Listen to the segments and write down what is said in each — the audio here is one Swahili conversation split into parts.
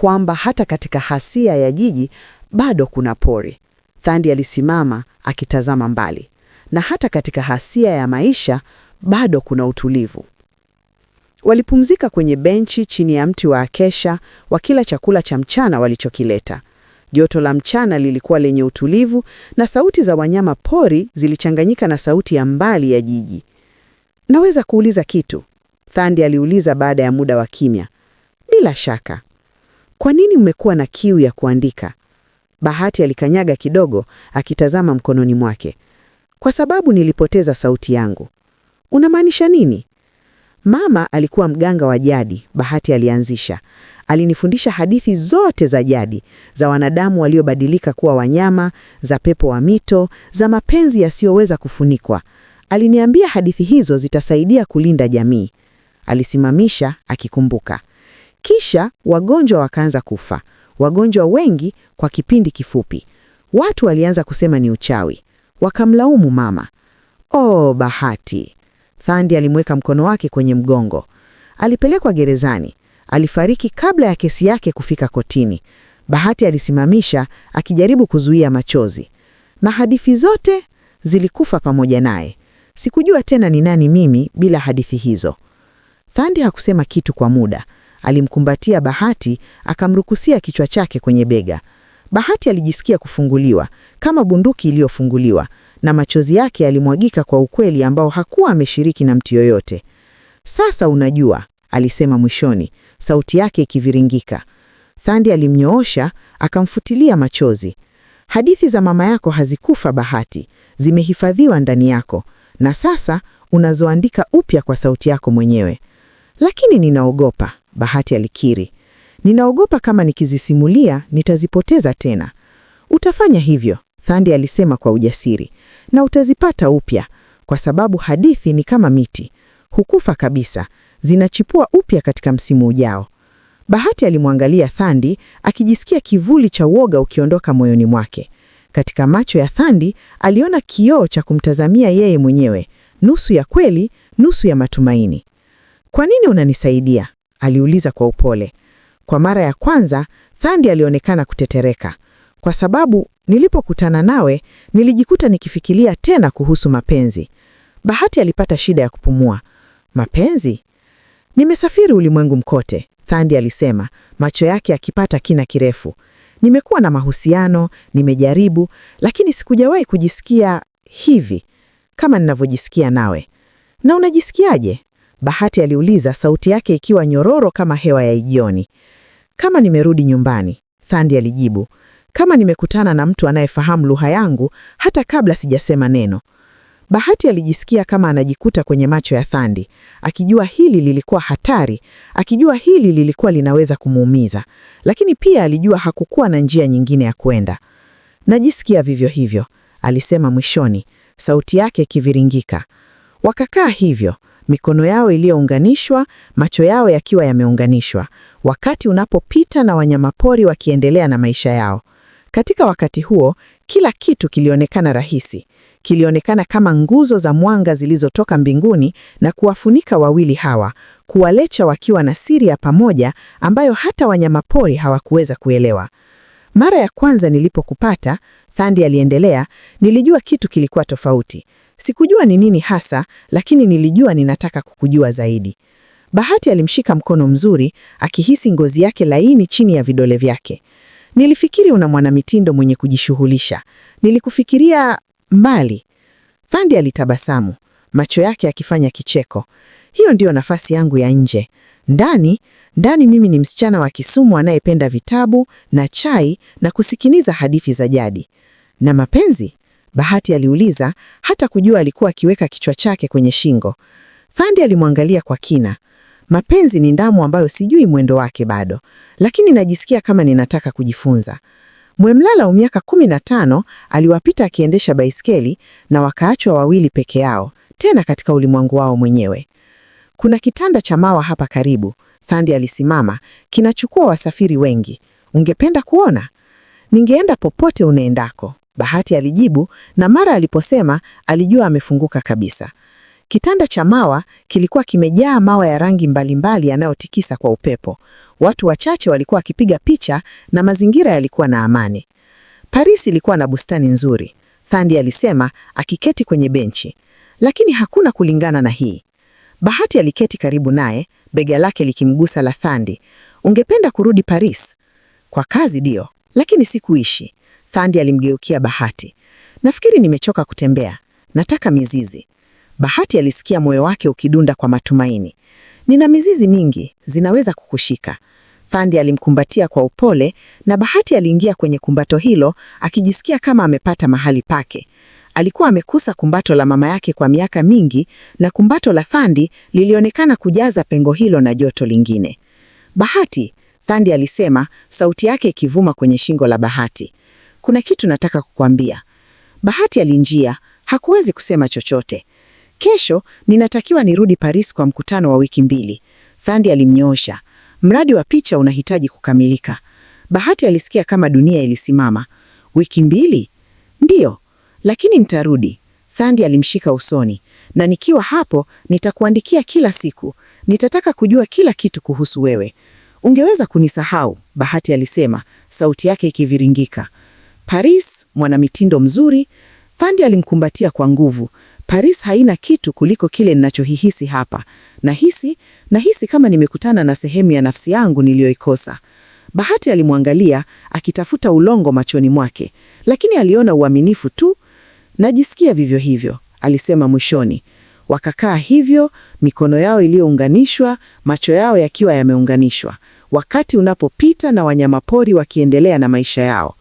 kwamba hata katika hasia ya jiji bado kuna pori. Thandi alisimama akitazama mbali, na hata katika hasia ya maisha bado kuna utulivu. Walipumzika kwenye benchi chini ya mti wa akesha, wakila chakula cha mchana walichokileta. Joto la mchana lilikuwa lenye utulivu na sauti za wanyama pori zilichanganyika na sauti ya mbali ya jiji. Naweza kuuliza kitu? Thandi aliuliza baada ya muda wa kimya. Bila shaka, kwa nini mmekuwa na kiu ya kuandika? Bahati alikanyaga kidogo, akitazama mkononi mwake. Kwa sababu nilipoteza sauti yangu. Unamaanisha nini? Mama alikuwa mganga wa jadi, Bahati alianzisha. Alinifundisha hadithi zote za jadi, za wanadamu waliobadilika kuwa wanyama, za pepo wa mito, za mapenzi yasiyoweza kufunikwa. Aliniambia hadithi hizo zitasaidia kulinda jamii. Alisimamisha akikumbuka. Kisha wagonjwa wakaanza kufa, wagonjwa wengi kwa kipindi kifupi. Watu walianza kusema ni uchawi, wakamlaumu mama. Oh, bahati! Thandi alimweka mkono wake kwenye mgongo. Alipelekwa gerezani, alifariki kabla ya kesi yake kufika kotini. Bahati alisimamisha akijaribu kuzuia machozi. Mahadithi zote zilikufa pamoja naye. Sikujua tena ni nani mimi bila hadithi hizo. Thandi hakusema kitu kwa muda. Alimkumbatia Bahati akamrukusia kichwa chake kwenye bega. Bahati alijisikia kufunguliwa kama bunduki iliyofunguliwa, na machozi yake yalimwagika kwa ukweli ambao hakuwa ameshiriki na mtu yoyote. Sasa unajua, alisema mwishoni, sauti yake ikiviringika. Thandi alimnyoosha akamfutilia machozi. Hadithi za mama yako hazikufa Bahati, zimehifadhiwa ndani yako, na sasa unazoandika upya kwa sauti yako mwenyewe. Lakini ninaogopa, Bahati alikiri, ninaogopa kama nikizisimulia nitazipoteza tena. Utafanya hivyo, Thandi alisema kwa ujasiri, na utazipata upya, kwa sababu hadithi ni kama miti, hukufa kabisa, zinachipua upya katika msimu ujao. Bahati alimwangalia Thandi akijisikia kivuli cha uoga ukiondoka moyoni mwake. Katika macho ya Thandi aliona kioo cha kumtazamia yeye mwenyewe, nusu ya kweli, nusu ya matumaini. Kwa nini unanisaidia? aliuliza kwa upole. Kwa mara ya kwanza Thandi alionekana kutetereka. Kwa sababu nilipokutana nawe nilijikuta nikifikiria tena kuhusu mapenzi. Bahati alipata shida ya kupumua. Mapenzi? Nimesafiri ulimwengu mkote, Thandi alisema, macho yake akipata kina kirefu. Nimekuwa na mahusiano, nimejaribu, lakini sikujawahi kujisikia hivi kama ninavyojisikia nawe. Na unajisikiaje? Bahati aliuliza, sauti yake ikiwa nyororo kama hewa ya jioni. Kama nimerudi nyumbani, Thandi alijibu. Kama nimekutana na mtu anayefahamu lugha yangu hata kabla sijasema neno. Bahati alijisikia kama anajikuta kwenye macho ya Thandi, akijua hili lilikuwa hatari, akijua hili lilikuwa linaweza kumuumiza, lakini pia alijua hakukuwa na njia nyingine ya kwenda. Najisikia vivyo hivyo, alisema mwishoni, sauti yake ikiviringika. Wakakaa hivyo mikono yao iliyounganishwa, macho yao yakiwa yameunganishwa, wakati unapopita na wanyamapori wakiendelea na maisha yao. Katika wakati huo, kila kitu kilionekana rahisi, kilionekana kama nguzo za mwanga zilizotoka mbinguni na kuwafunika wawili hawa, kuwalecha wakiwa na siri ya pamoja ambayo hata wanyamapori hawakuweza kuelewa. Mara ya kwanza nilipokupata, Thandi aliendelea, nilijua kitu kilikuwa tofauti. Sikujua ni nini hasa, lakini nilijua ninataka kukujua zaidi. Bahati alimshika mkono mzuri, akihisi ngozi yake laini chini ya vidole vyake. Nilifikiri una mwanamitindo mwenye kujishughulisha, nilikufikiria mbali. Fandi alitabasamu, macho yake akifanya kicheko. Hiyo ndiyo nafasi yangu ya nje. Ndani ndani, mimi ni msichana wa Kisumu anayependa vitabu na chai na kusikiliza hadithi za jadi na mapenzi. Bahati aliuliza hata kujua alikuwa akiweka kichwa chake kwenye shingo. Thandi alimwangalia kwa kina. Mapenzi ni ndamu ambayo sijui mwendo wake bado, lakini najisikia kama ninataka kujifunza. Mwemlala wa miaka kumi na tano aliwapita akiendesha baiskeli na wakaachwa wawili peke yao, tena katika ulimwengu wao mwenyewe. Kuna kitanda cha Mawa hapa karibu, Thandi alisimama, kinachukua wasafiri wengi. Ungependa kuona? Ningeenda popote unaendako. Bahati alijibu na mara aliposema alijua amefunguka kabisa. Kitanda cha Mawa kilikuwa kimejaa mawa ya rangi mbalimbali yanayotikisa kwa upepo. Watu wachache walikuwa wakipiga picha na mazingira yalikuwa na amani. Paris ilikuwa na bustani nzuri, Thandi alisema akiketi kwenye benchi, lakini hakuna kulingana na hii. Bahati aliketi karibu naye, bega lake likimgusa la Thandi. Ungependa kurudi Paris? Kwa kazi, ndiyo, lakini sikuishi. Thandi alimgeukia Bahati. Nafikiri nimechoka kutembea, nataka mizizi. Bahati alisikia moyo wake ukidunda kwa matumaini. Nina mizizi mingi, zinaweza kukushika. Thandi alimkumbatia kwa upole na Bahati aliingia kwenye kumbato hilo akijisikia kama amepata mahali pake. Alikuwa amekusa kumbato la mama yake kwa miaka mingi na kumbato la Thandi lilionekana kujaza pengo hilo na joto lingine. Bahati Pandi alisema, sauti yake ikivuma kwenye shingo la Bahati. Kuna kitu nataka kukwambia. Bahati alinjia, hakuwezi kusema chochote. Kesho ninatakiwa nirudi Paris kwa mkutano wa wiki mbili. Thandi alimnyoosha. Mradi wa picha unahitaji kukamilika. Bahati alisikia kama dunia ilisimama. Wiki mbili? Ndiyo, lakini nitarudi. Thandi alimshika usoni. Na nikiwa hapo nitakuandikia kila siku. Nitataka kujua kila kitu kuhusu wewe. Ungeweza kunisahau, Bahati alisema, sauti yake ikiviringika. Paris, mwanamitindo mzuri. Fandi alimkumbatia kwa nguvu. Paris haina kitu kuliko kile ninachohihisi hapa. Nahisi, nahisi kama nimekutana na sehemu ya nafsi yangu niliyoikosa. Bahati alimwangalia akitafuta ulongo machoni mwake, lakini aliona uaminifu tu. Najisikia vivyo hivyo, alisema mwishoni. Wakakaa hivyo, mikono yao iliyounganishwa, macho yao yakiwa yameunganishwa, wakati unapopita na wanyamapori wakiendelea na maisha yao.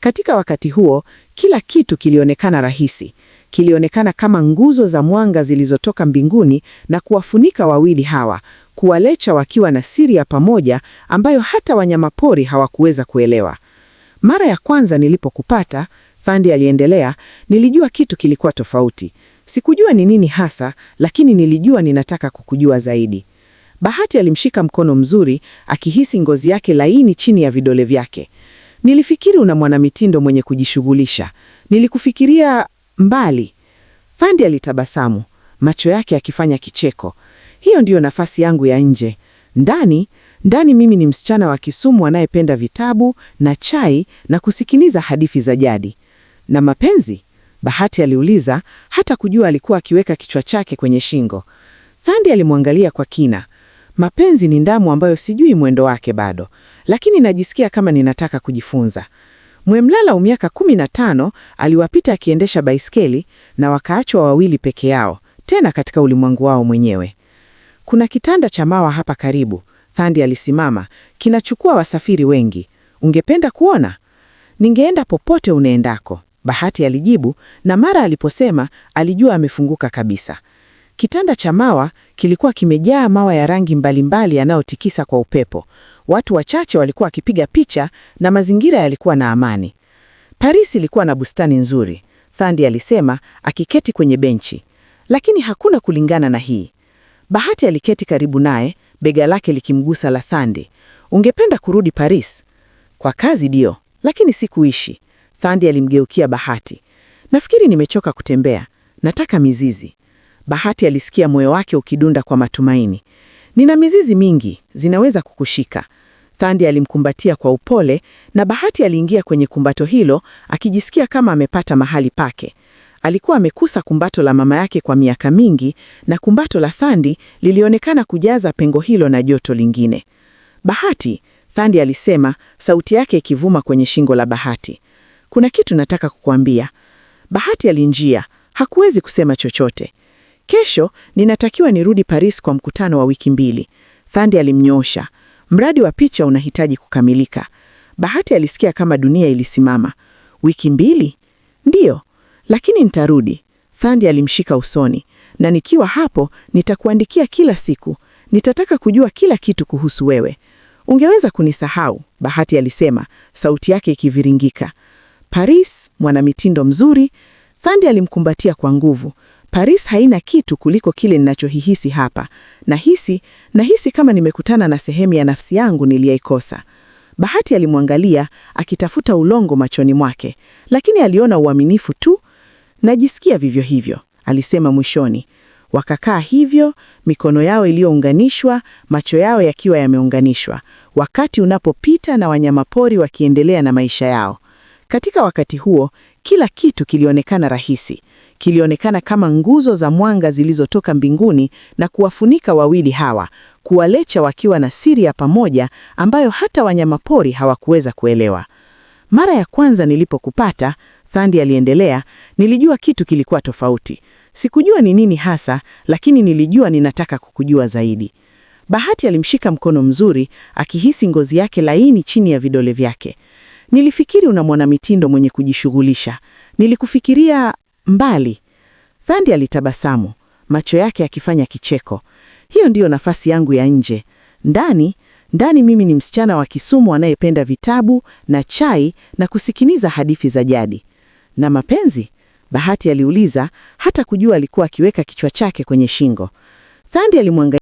Katika wakati huo, kila kitu kilionekana rahisi, kilionekana kama nguzo za mwanga zilizotoka mbinguni na kuwafunika wawili hawa, kuwalecha wakiwa na siri ya pamoja ambayo hata wanyamapori hawakuweza kuelewa. Mara ya kwanza nilipokupata, Thandi aliendelea, nilijua kitu kilikuwa tofauti. Sikujua ni nini hasa, lakini nilijua ninataka kukujua zaidi. Bahati alimshika mkono mzuri, akihisi ngozi yake laini chini ya vidole vyake. Nilifikiri una mwanamitindo mwenye kujishughulisha, nilikufikiria mbali. Fandi alitabasamu, macho yake akifanya kicheko. Hiyo ndiyo nafasi yangu ya nje. Ndani ndani, mimi ni msichana wa Kisumu anayependa vitabu na chai na kusikiliza hadithi za jadi na mapenzi Bahati aliuliza hata kujua alikuwa akiweka kichwa chake kwenye shingo. Thandi alimwangalia kwa kina. Mapenzi ni ndamu ambayo sijui mwendo wake bado, lakini najisikia kama ninataka kujifunza. Mwemlala wa miaka kumi na tano aliwapita akiendesha baiskeli na wakaachwa wawili peke yao, tena katika ulimwengu wao mwenyewe. Kuna kitanda cha Mawa hapa karibu, Thandi alisimama, kinachukua wasafiri wengi. Ungependa kuona? Ningeenda popote unaendako. Bahati alijibu, na mara aliposema alijua amefunguka kabisa. Kitanda cha Mawa kilikuwa kimejaa mawa ya rangi mbalimbali yanayotikisa kwa upepo. Watu wachache walikuwa wakipiga picha na mazingira yalikuwa na amani. Paris ilikuwa na bustani nzuri, Thandi alisema akiketi kwenye benchi, lakini hakuna kulingana na hii. Bahati aliketi karibu naye, bega lake likimgusa la Thandi. Ungependa kurudi Paris? Kwa kazi ndio, lakini si kuishi. Thandi alimgeukia Bahati. Nafikiri nimechoka kutembea, nataka mizizi. Bahati alisikia moyo wake ukidunda kwa matumaini. Nina mizizi mingi, zinaweza kukushika. Thandi alimkumbatia kwa upole na Bahati aliingia kwenye kumbato hilo akijisikia kama amepata mahali pake. Alikuwa amekusa kumbato la mama yake kwa miaka mingi na kumbato la Thandi lilionekana kujaza pengo hilo na joto lingine. Bahati, Thandi alisema, sauti yake ikivuma kwenye shingo la Bahati kuna kitu nataka kukuambia. Bahati alinjia, hakuwezi kusema chochote. Kesho ninatakiwa nirudi Paris kwa mkutano wa wiki mbili. Thandi alimnyosha, mradi wa picha unahitaji kukamilika. Bahati alisikia kama dunia ilisimama. Wiki mbili? Ndiyo, lakini nitarudi. Thandi alimshika usoni, na nikiwa hapo nitakuandikia kila siku. Nitataka kujua kila kitu kuhusu wewe. Ungeweza kunisahau, Bahati alisema, sauti yake ikiviringika. Paris, mwanamitindo mzuri. Thandi alimkumbatia kwa nguvu. Paris haina kitu kuliko kile ninachohihisi hapa. Nahisi, nahisi kama nimekutana na sehemu ya nafsi yangu niliyoikosa. Bahati alimwangalia akitafuta ulongo machoni mwake, lakini aliona uaminifu tu. Najisikia vivyo hivyo, alisema mwishoni. Wakakaa hivyo, mikono yao iliyounganishwa, macho yao yakiwa yameunganishwa, wakati unapopita na wanyamapori wakiendelea na maisha yao. Katika wakati huo, kila kitu kilionekana rahisi, kilionekana kama nguzo za mwanga zilizotoka mbinguni na kuwafunika wawili hawa, kuwalecha wakiwa na siri ya pamoja ambayo hata wanyamapori hawakuweza kuelewa. Mara ya kwanza nilipokupata, Thandi aliendelea, nilijua kitu kilikuwa tofauti. Sikujua ni nini hasa, lakini nilijua ninataka kukujua zaidi. Bahati alimshika mkono mzuri, akihisi ngozi yake laini chini ya vidole vyake. Nilifikiri una mwanamitindo mwenye kujishughulisha, nilikufikiria mbali. Vandi alitabasamu, macho yake akifanya kicheko. Hiyo ndiyo nafasi yangu ya nje. Ndani ndani mimi ni msichana wa Kisumu anayependa vitabu na chai na kusikiliza hadithi za jadi. Na mapenzi? Bahati aliuliza, hata kujua alikuwa akiweka kichwa chake kwenye shingo. Thandi alimwangalia